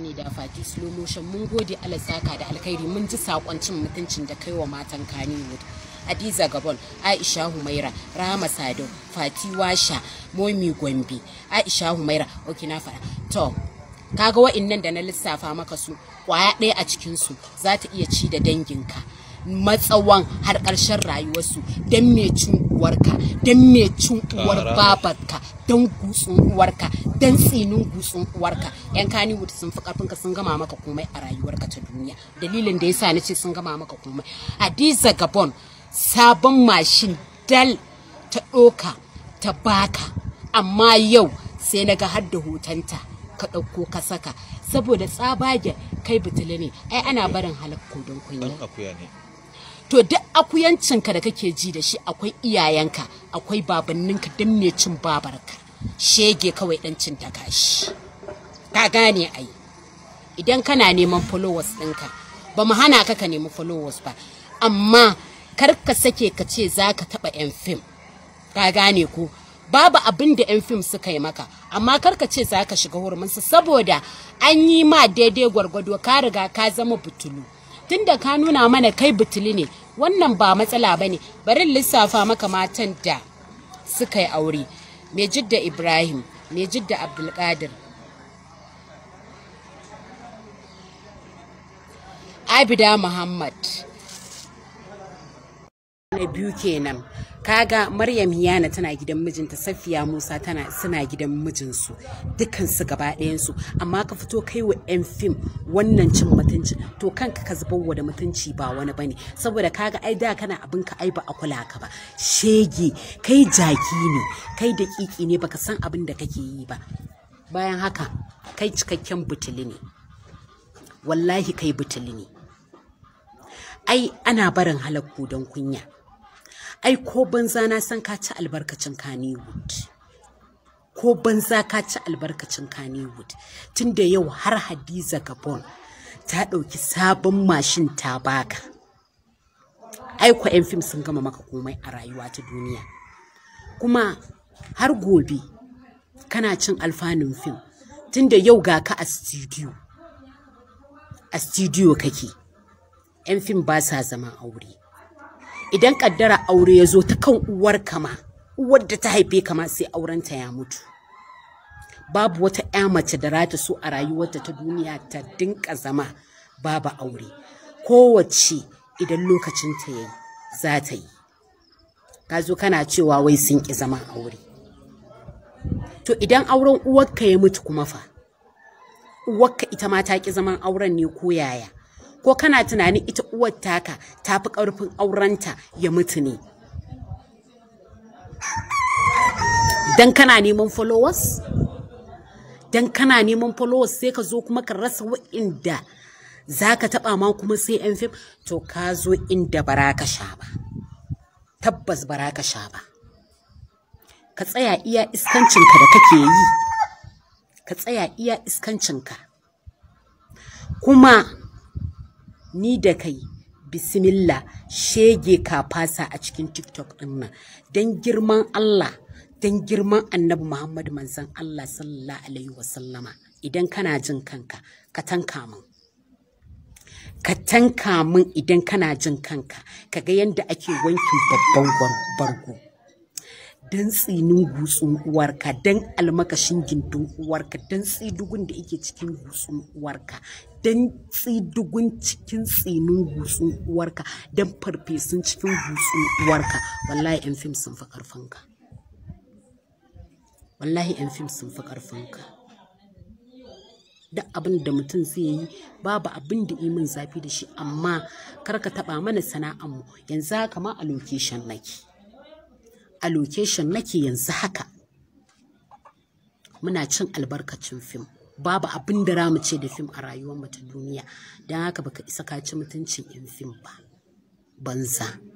ne da fati slow motion mun gode Allah saka da alkhairi mun ji saƙon cin mutuncin da kai wa matan Kannywood Hadiza Gabon, Aisha Humaira, Rama Sado, Fati Washa, Momi Gombe, Aisha Humaira, ok na fara. To, kaga waɗannan da na lissafa maka su, kwaya ɗaya a cikinsu za ta iya ci da danginka. matsawan har ƙarshen rayuwarsu don me cin uwarka don me cin uwar babarka don gutsun uwarka don tsinin gutsun uwarka yan kaniwood sun fi karfinka sun gama maka komai a rayuwarka ta duniya dalilin da yasa na sun gama maka komai hadiza gabon sabon mashin dal ta ɗoka ta baka amma yau sai na ga har da hotonta ka ɗauko ka saka saboda tsabagen kai bitili ne ai ana barin halakko don kunya to duk akuyancinka da kake ji da shi akwai iyayenka akwai babanninka don mai cin babarka shege kawai dan cin ta gashi ka gane ai idan kana neman followers ɗinka ba mu hana ka ka nemi followers ba amma kar ka sake ka ce za ka taɓa 'yan fim ka gane ko babu abin da 'yan fim suka yi maka amma kar ka ce za ka shiga huruminsu saboda an yi ma daidai gwargwado ka riga ka zama butulu tun da ka nuna mana kai butuli ne wannan ba matsala ba ne bari lissafa maka matan da suka yi aure mai jidda ibrahim mai jidda abdulkadir abida muhammad na biyu kenan kaga maryam yana tana gidan mijinta safiya musa tana suna gidan mijinsu dukansu gaba ɗayansu amma ka fito kai wa yan fim wannan cin mutunci to kanka ka zubar wa da mutunci ba wani bane saboda kaga ai da kana abin ka ai ba a kula ka ba shege kai jaki ne kai daƙiƙi ne baka san abin da kake yi ba bayan haka kai cikakken butuli ne wallahi kai butuli ne ai ana barin halakku don kunya ai ko banza na san ka ci albarkacin Kannywood ko banza ka ci albarkacin Kannywood tun da yau har Hadiza Gabon ta ɗauki sabon mashin ta baka ai ko 'yan fim sun gama maka komai a rayuwa ta duniya kuma har gobe kana cin alfanun fim tun da yau ga ka a studio a studio kake 'yan fim ba sa zama aure idan kaddara aure ya zo ta kan uwar kama uwar da ta haife kama sai aurenta ya mutu babu wata 'ya mace da rata so a rayuwarta ta duniya ta dinka zama babu aure kowace idan lokacin ta yi za ta yi ka zo kana cewa wai sun ƙi zama aure to idan auren uwarka ya mutu kuma fa uwarka ita ma ta ƙi zaman auren ne ko yaya ko kana tunanin ita uwar taka ta fi ƙarfin aurenta ya mutu ne dan kana neman followers dan kana neman followers sai ka zo kuma ka rasa wa'inda za ka taɓa ma kuma sai yan fim to ka zo inda bara ka sha ba tabbas bara ka sha ba ka tsaya iya iskancinka da kake yi ka tsaya iya iskancinka kuma ni da kai bismillah shege ka fasa a cikin tiktok din nan don girman allah don girman annabi muhammadu manzon allah sallallahu alaihi wasallama idan kana jin kanka ka tanka min ka tanka min idan kana jin kanka ka ga yadda ake wankin babban bargo dan tsinin gutsun uwarka dan almakashin gindin uwarka don tsidugun da yake cikin gutsun uwarka don tsidugun cikin tsinin gutsun uwarka don farfesun cikin gutsun uwarka wallahi yan fim sun fi ka wallahi yan fim sun fi ka duk abin da mutum zai yi babu abin da imin zafi da shi amma karka taba mana sana'anmu yanzu haka ma a location nake a location nake yanzu haka muna cin albarkacin fim babu abin da ramu ce da fim a rayuwar mu ta duniya don haka baka isa ka ci mutuncin yan fim ba banza